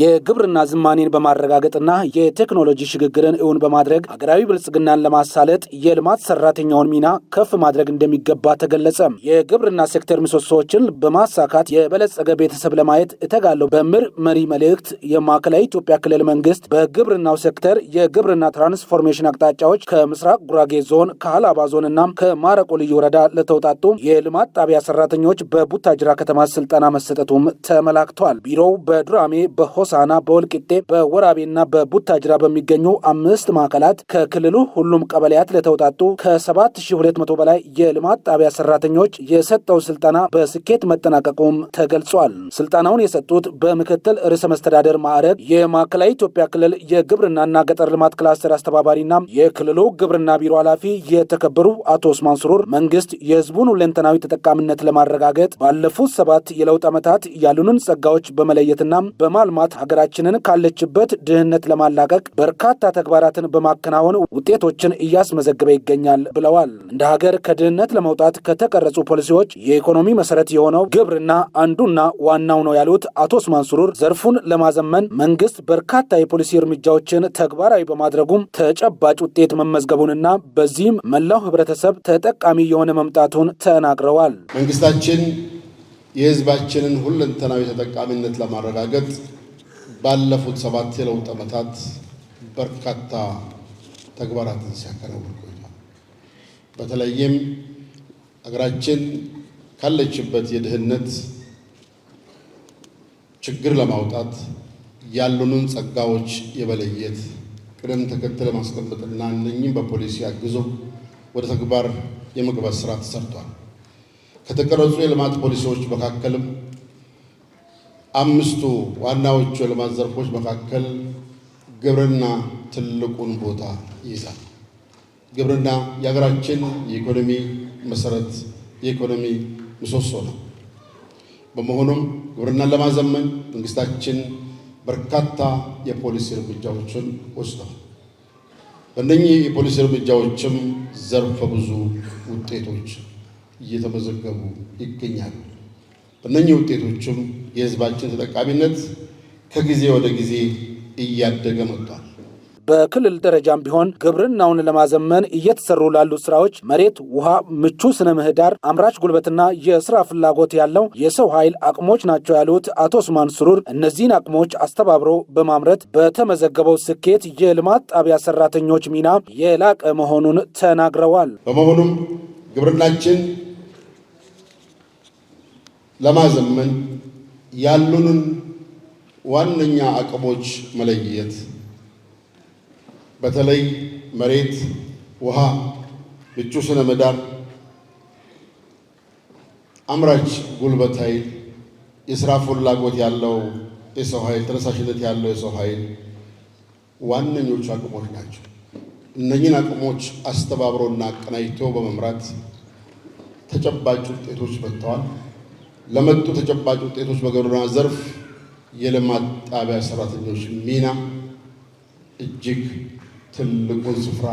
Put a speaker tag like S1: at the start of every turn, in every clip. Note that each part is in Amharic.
S1: የግብርና ዝማኔን በማረጋገጥና የቴክኖሎጂ ሽግግርን እውን በማድረግ ሀገራዊ ብልጽግናን ለማሳለጥ የልማት ሰራተኛውን ሚና ከፍ ማድረግ እንደሚገባ ተገለጸ። የግብርና ሴክተር ምሰሶዎችን በማሳካት የበለጸገ ቤተሰብ ለማየት እተጋለሁ በሚል መሪ መልእክት የማዕከላዊ ኢትዮጵያ ክልል መንግስት በግብርናው ሴክተር የግብርና ትራንስፎርሜሽን አቅጣጫዎች ከምስራቅ ጉራጌ ዞን ከሀላባ ዞንና ከማረቆ ልዩ ወረዳ ለተውጣጡ የልማት ጣቢያ ሰራተኞች በቡታጅራ ከተማ ስልጠና መሰጠቱም ተመላክቷል። ቢሮው በዱራሜ በሆ በሆሳና በወልቂጤ በወራቤና በቡታጅራ በሚገኙ አምስት ማዕከላት ከክልሉ ሁሉም ቀበሌያት ለተውጣጡ ከ7200 በላይ የልማት ጣቢያ ሰራተኞች የሰጠው ስልጠና በስኬት መጠናቀቁም ተገልጿል። ስልጠናውን የሰጡት በምክትል ርዕሰ መስተዳደር ማዕረግ የማዕከላዊ ኢትዮጵያ ክልል የግብርናና ገጠር ልማት ክላስተር አስተባባሪና የክልሉ ግብርና ቢሮ ኃላፊ የተከበሩ አቶ ኡስማን ስሩር መንግስት የህዝቡን ሁለንተናዊ ተጠቃሚነት ለማረጋገጥ ባለፉት ሰባት የለውጥ ዓመታት ያሉንን ጸጋዎች በመለየትና በማልማት ሀገራችንን ካለችበት ድህነት ለማላቀቅ በርካታ ተግባራትን በማከናወን ውጤቶችን እያስመዘገበ ይገኛል ብለዋል። እንደ ሀገር ከድህነት ለመውጣት ከተቀረጹ ፖሊሲዎች የኢኮኖሚ መሰረት የሆነው ግብርና አንዱና ዋናው ነው ያሉት አቶ ኡስማን ሱሩር ዘርፉን ለማዘመን መንግስት በርካታ የፖሊሲ እርምጃዎችን ተግባራዊ በማድረጉም ተጨባጭ ውጤት መመዝገቡንና በዚህም መላው ህብረተሰብ ተጠቃሚ የሆነ መምጣቱን ተናግረዋል።
S2: መንግስታችን የህዝባችንን ሁለንተናዊ ተጠቃሚነት ለማረጋገጥ ባለፉት ሰባት የለውጥ ዓመታት በርካታ ተግባራትን ሲያከናውን ቆይቷል። በተለይም ሀገራችን ካለችበት የድህነት ችግር ለማውጣት ያሉንን ጸጋዎች የመለየት ቅደም ተከተል ማስቀመጥና እነኝም በፖሊሲ አግዞ ወደ ተግባር የመግባት ስራ ተሰርቷል። ከተቀረጹ የልማት ፖሊሲዎች መካከልም አምስቱ ዋናዎቹ የልማት ዘርፎች መካከል ግብርና ትልቁን ቦታ ይይዛል። ግብርና የሀገራችን የኢኮኖሚ መሰረት፣ የኢኮኖሚ ምሰሶ ነው። በመሆኑም ግብርናን ለማዘመን መንግስታችን በርካታ የፖሊሲ እርምጃዎችን ወስዷል። በእነኚህ የፖሊሲ እርምጃዎችም ዘርፈ ብዙ ውጤቶች እየተመዘገቡ ይገኛሉ። በእነኚህ ውጤቶችም የህዝባችን ተጠቃሚነት ከጊዜ ወደ ጊዜ እያደገ መጥቷል።
S1: በክልል ደረጃም ቢሆን ግብርናውን ለማዘመን እየተሰሩ ላሉ ስራዎች መሬት፣ ውሃ፣ ምቹ ስነ ምህዳር፣ አምራች ጉልበትና የስራ ፍላጎት ያለው የሰው ኃይል አቅሞች ናቸው ያሉት አቶ ስማን ስሩር እነዚህን አቅሞች አስተባብሮ በማምረት በተመዘገበው ስኬት የልማት ጣቢያ ሰራተኞች ሚና የላቀ መሆኑን ተናግረዋል።
S2: በመሆኑም ግብርናችን ለማዘመን ያሉንን ዋነኛ አቅሞች መለየት በተለይ መሬት፣ ውሃ፣ ምቹ ስነ ምህዳር፣ አምራች ጉልበት ኃይል፣ የስራ ፍላጎት ያለው የሰው ኃይል፣ ተነሳሽነት ያለው የሰው ኃይል ዋነኞቹ አቅሞች ናቸው። እነኚህን አቅሞች አስተባብሮና አቀናጅቶ በመምራት ተጨባጭ ውጤቶች መጥተዋል። ለመጡ ተጨባጭ ውጤቶች በግብርና ዘርፍ የልማት ጣቢያ ሰራተኞች ሚና እጅግ ትልቁን ስፍራ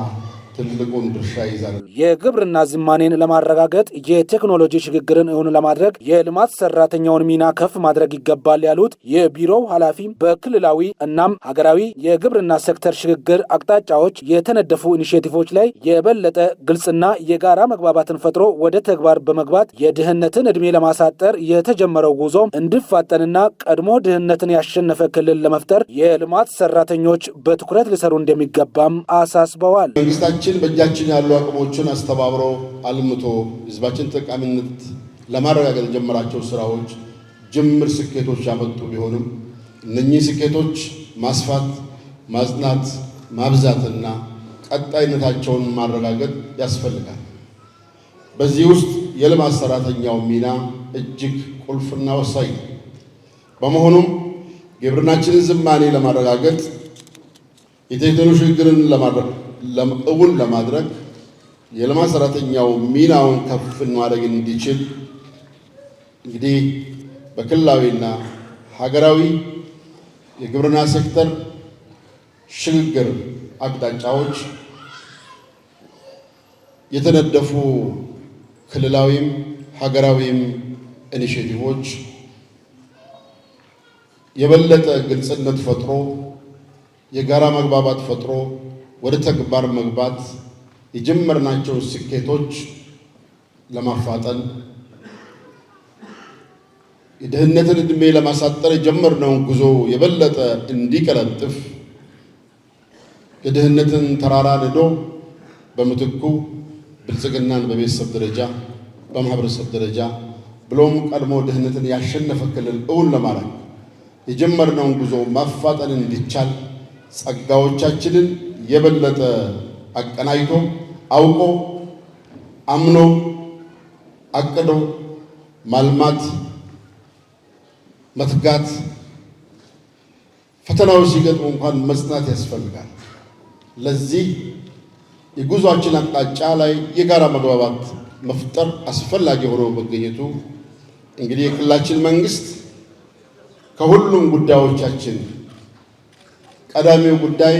S2: ትልቁን ድርሻ ይዛል።
S1: የግብርና ዝማኔን ለማረጋገጥ የቴክኖሎጂ ሽግግርን እውን ለማድረግ የልማት ሰራተኛውን ሚና ከፍ ማድረግ ይገባል ያሉት የቢሮው ኃላፊ በክልላዊ እናም ሀገራዊ የግብርና ሴክተር ሽግግር አቅጣጫዎች የተነደፉ ኢኒሽቲቮች ላይ የበለጠ ግልጽና የጋራ መግባባትን ፈጥሮ ወደ ተግባር በመግባት የድህነትን ዕድሜ ለማሳጠር የተጀመረው ጉዞ እንዲፋጠንና ቀድሞ ድህነትን ያሸነፈ ክልል ለመፍጠር የልማት ሰራተኞች በትኩረት ሊሰሩ እንደሚገባም አሳስበዋል።
S2: ህዝባችን በእጃችን ያሉ አቅሞችን አስተባብሮ አልምቶ ህዝባችን ጠቃሚነት ለማረጋገጥ የጀመራቸው ስራዎች ጅምር ስኬቶች ያመጡ ቢሆንም እነኚህ ስኬቶች ማስፋት፣ ማጽናት፣ ማብዛትና ቀጣይነታቸውን ማረጋገጥ ያስፈልጋል። በዚህ ውስጥ የልማት ሰራተኛው ሚና እጅግ ቁልፍና ወሳኝ ነው። በመሆኑም ግብርናችንን ዝማኔ ለማረጋገጥ የቴክኖሎጂ ሽግግርን እውን ለማድረግ የልማት ሰራተኛው ሚናውን ከፍ ማድረግ እንዲችል እንግዲህ በክልላዊና ሀገራዊ የግብርና ሴክተር ሽግግር አቅጣጫዎች የተነደፉ ክልላዊም ሀገራዊም ኢኒሽቲቮች የበለጠ ግልጽነት ፈጥሮ የጋራ መግባባት ፈጥሮ ወደ ተግባር መግባት የጀመርናቸው ስኬቶች ለማፋጠን የድህነትን ዕድሜ ለማሳጠር የጀመርነውን ጉዞ የበለጠ እንዲቀለጥፍ የድህነትን ተራራ ንዶ በምትኩ ብልጽግናን በቤተሰብ ደረጃ በማህበረሰብ ደረጃ ብሎም ቀድሞ ድህነትን ያሸነፈ ክልል እውን ለማድረግ የጀመርነውን ጉዞ ማፋጠን እንዲቻል ጸጋዎቻችንን የበለጠ አቀናጅቶ አውቆ አምኖ አቅዶ ማልማት መትጋት ፈተናዎች ሲገጥሙ እንኳን መጽናት ያስፈልጋል። ለዚህ የጉዟችን አቅጣጫ ላይ የጋራ መግባባት መፍጠር አስፈላጊ ሆኖ መገኘቱ እንግዲህ የክልላችን መንግስት ከሁሉም ጉዳዮቻችን ቀዳሚው ጉዳይ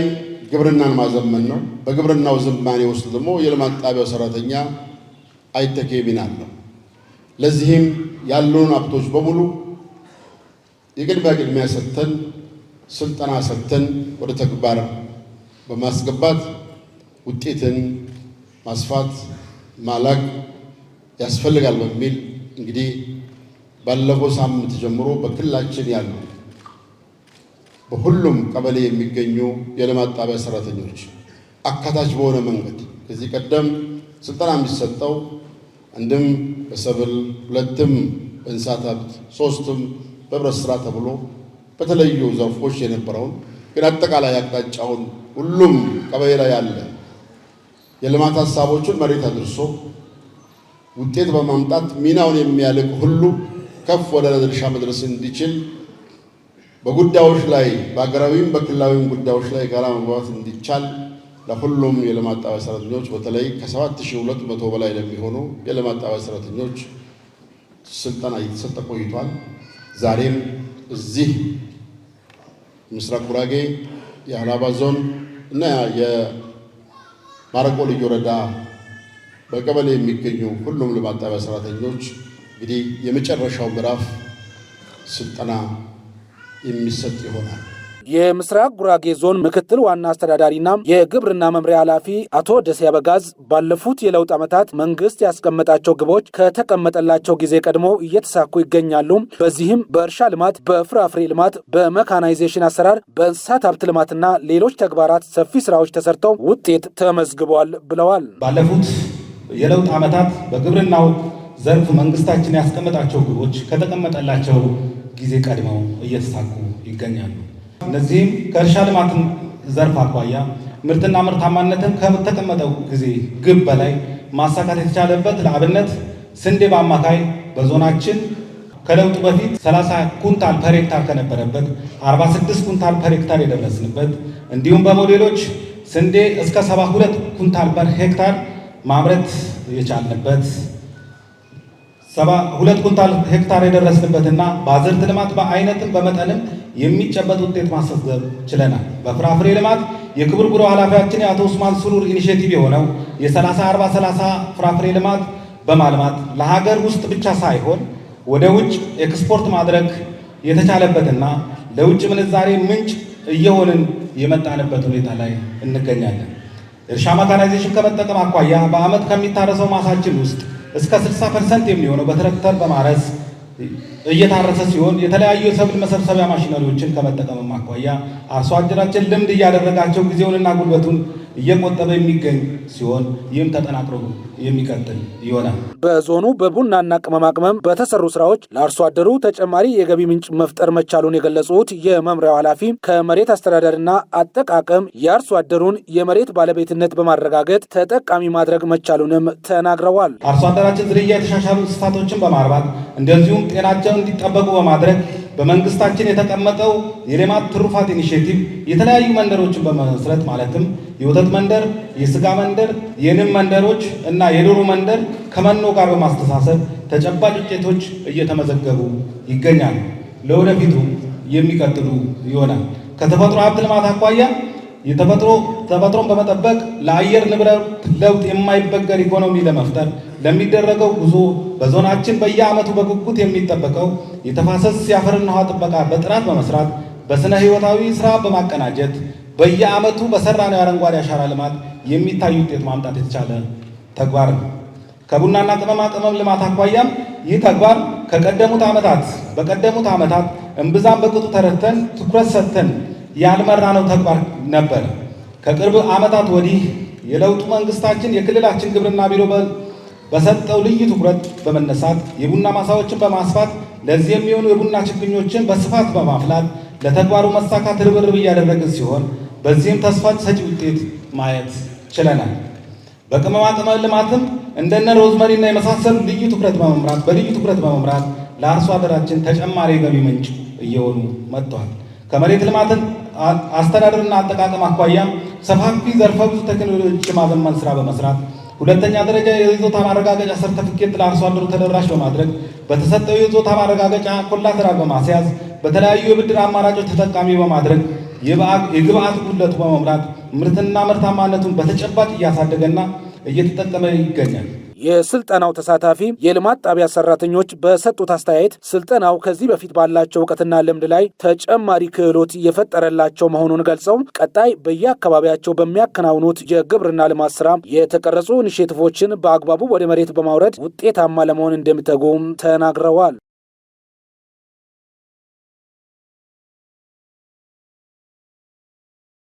S2: ግብርናን ማዘመን ነው። በግብርናው ዝማኔ ውስጥ ደግሞ የልማት ጣቢያው ሰራተኛ አይተኬ ሚና አለው። ለዚህም ያሉን ሀብቶች በሙሉ የቅድሚያ ቅድሚያ ሰጥተን ስልጠና ሰጥተን ወደ ተግባር በማስገባት ውጤትን ማስፋት ማላግ ያስፈልጋል በሚል እንግዲህ ባለፈው ሳምንት ጀምሮ በክልላችን ያሉ በሁሉም ቀበሌ የሚገኙ የልማት ጣቢያ ሰራተኞች አካታች በሆነ መንገድ ከዚህ ቀደም ስልጠና የሚሰጠው አንድም በሰብል ሁለትም በእንስሳት ሀብት ሶስትም በብረት ስራ ተብሎ በተለዩ ዘርፎች የነበረውን ግን አጠቃላይ አቅጣጫውን ሁሉም ቀበሌ ላይ ያለ የልማት ሀሳቦችን መሬት አድርሶ ውጤት በማምጣት ሚናውን የሚያልቅ ሁሉ ከፍ ወደ ድርሻ መድረስ እንዲችል በጉዳዮች ላይ በአገራዊም በክልላዊም ጉዳዮች ላይ ጋራ መግባባት እንዲቻል ለሁሉም የልማት ጣቢያ ሰራተኞች በተለይ ከ7200 በላይ ለሚሆኑ የልማት ጣቢያ ሰራተኞች ስልጠና እየተሰጠ ቆይቷል። ዛሬም እዚህ ምስራቅ ጉራጌ የአላባ ዞን እና የማረቆ ልዩ ወረዳ በቀበሌ የሚገኙ ሁሉም ልማት ጣቢያ ሰራተኞች እንግዲህ የመጨረሻው ምዕራፍ ስልጠና የሚሰጥ ይሆናል።
S1: የምስራቅ ጉራጌ ዞን ምክትል ዋና አስተዳዳሪና የግብርና መምሪያ ኃላፊ አቶ ደሴ አበጋዝ ባለፉት የለውጥ ዓመታት መንግስት ያስቀመጣቸው ግቦች ከተቀመጠላቸው ጊዜ ቀድሞ እየተሳኩ ይገኛሉ። በዚህም በእርሻ ልማት፣ በፍራፍሬ ልማት፣ በመካናይዜሽን አሰራር፣ በእንስሳት ሀብት ልማትና ሌሎች ተግባራት ሰፊ ስራዎች ተሰርተው ውጤት ተመዝግበዋል ብለዋል።
S2: ባለፉት የለውጥ ዓመታት በግብርናው ዘርፍ መንግስታችን ያስቀመጣቸው ግቦች ከተቀመጠላቸው ጊዜ ቀድመው እየተሳኩ ይገኛሉ።
S1: እነዚህም ከእርሻ ልማት ዘርፍ አኳያ ምርትና ምርታማነትን ከተቀመጠው ጊዜ ግብ በላይ ማሳካት የተቻለበት ለአብነት ስንዴ በአማካይ በዞናችን ከለውጡ በፊት 30 ኩንታል ፐር ሄክታር ከነበረበት 46 ኩንታል ፐር ሄክታር የደረስንበት እንዲሁም በሞዴሎች ስንዴ እስከ 72 ኩንታል ፐር ሄክታር ማምረት የቻልንበት ሰባ ሁለት ኩንታል ሄክታር የደረስንበትና በአዝርት ልማት በአይነትም በመጠንም የሚጨበጥ ውጤት ማስመዝገብ ችለናል። በፍራፍሬ ልማት የክቡር ጉሮ ኃላፊያችን የአቶ ኡስማን ስሩር ኢኒሼቲቭ የሆነው የ30 40 30 ፍራፍሬ ልማት በማልማት ለሀገር ውስጥ ብቻ ሳይሆን ወደ ውጭ ኤክስፖርት ማድረግ የተቻለበትና ለውጭ ምንዛሬ ምንጭ እየሆንን የመጣንበት ሁኔታ ላይ እንገኛለን። እርሻ መካናይዜሽን ከመጠቀም አኳያ በዓመት ከሚታረሰው ማሳችን ውስጥ እስከ 60 ፐርሰንት የሚሆነው በትራክተር በማረስ እየታረሰ ሲሆን የተለያዩ የሰብል መሰብሰቢያ ማሽነሪዎችን ከመጠቀምም አኳያ አርሶ አደራችን ልምድ እያደረጋቸው ጊዜውንና ጉልበቱን እየቆጠበ የሚገኝ ሲሆን ይህም ተጠናክሮ የሚቀጥል ይሆናል። በዞኑ በቡናና ቅመማ ቅመም በተሰሩ ስራዎች ለአርሶ አደሩ ተጨማሪ የገቢ ምንጭ መፍጠር መቻሉን የገለጹት የመምሪያው ኃላፊ ከመሬት አስተዳደርና አጠቃቀም የአርሶ አደሩን የመሬት ባለቤትነት በማረጋገጥ ተጠቃሚ ማድረግ መቻሉንም ተናግረዋል።
S2: አርሶ አደራችን ዝርያ የተሻሻሉ እንስሳቶችን በማርባት እንደዚሁም ጤናቸው እንዲጠበቁ በማድረግ በመንግስታችን የተቀመጠው የሌማት ትሩፋት ኢኒሽቲቭ የተለያዩ መንደሮችን በመስረት ማለትም የወተት መንደር፣ የስጋ መንደር፣ የንም መንደሮች እና የዶሮ መንደር ከመኖ ጋር በማስተሳሰብ ተጨባጭ ውጤቶች እየተመዘገቡ ይገኛሉ። ለወደፊቱ የሚቀጥሉ ይሆናል። ከተፈጥሮ ሀብት ልማት አኳያ ተፈጥሮን በመጠበቅ ለአየር ንብረት ለውጥ የማይበገር ኢኮኖሚ ለመፍጠር ለሚደረገው ጉዞ በዞናችን በየዓመቱ በጉጉት የሚጠበቀው የተፋሰስ የአፈርና ውሃ ጥበቃ በጥራት በመስራት በስነ ህይወታዊ ስራ በማቀናጀት በየዓመቱ በሰራነው የአረንጓዴ አሻራ ልማት የሚታይ ውጤት ማምጣት የተቻለ ተግባር ነው። ከቡናና ቅመማ ቅመም ልማት አኳያም ይህ ተግባር ከቀደሙት ዓመታት በቀደሙት ዓመታት እምብዛም በቅጡ ተረድተን ትኩረት ሰጥተን ያልመራነው ተግባር ነበር። ከቅርብ ዓመታት ወዲህ የለውጡ መንግስታችን የክልላችን ግብርና ቢሮ በሰጠው ልዩ ትኩረት በመነሳት የቡና ማሳዎችን በማስፋት ለዚህ የሚሆኑ የቡና ችግኞችን በስፋት በማፍላት ለተግባሩ መሳካት ርብርብ እያደረግን ሲሆን በዚህም ተስፋ ሰጪ ውጤት ማየት ችለናል። በቅመማ ቅመም ልማትም እንደነ ሮዝመሪና የመሳሰሉ ልዩ ትኩረት በመምራት በልዩ ትኩረት በመምራት ለአርሶ አደራችን ተጨማሪ የገቢ ምንጭ እየሆኑ መጥተዋል። ከመሬት ልማትን አስተዳደርና አጠቃቀም አኳያም ሰፋፊ ዘርፈ ብዙ ቴክኖሎጂዎች ስራ በመስራት ሁለተኛ ደረጃ የይዞታ ማረጋገጫ ሰርተፍኬት ለአርሶ አደሩ ተደራሽ በማድረግ በተሰጠው የይዞታ ማረጋገጫ ኮላተራል በማስያዝ በተለያዩ የብድር አማራጮች ተጠቃሚ በማድረግ የግብአት ጉድለቱ በመምራት ምርትና ምርታማነቱን በተጨባጭ እያሳደገና እየተጠቀመ ይገኛል።
S1: የስልጠናው ተሳታፊ የልማት ጣቢያ ሰራተኞች በሰጡት አስተያየት ስልጠናው ከዚህ በፊት ባላቸው እውቀትና ልምድ ላይ ተጨማሪ ክህሎት እየፈጠረላቸው መሆኑን ገልጸው ቀጣይ በየአካባቢያቸው በሚያከናውኑት የግብርና ልማት ስራ የተቀረጹ ኢኒሼቲቮችን በአግባቡ ወደ መሬት በማውረድ ውጤታማ ለመሆን እንደሚተጉም ተናግረዋል።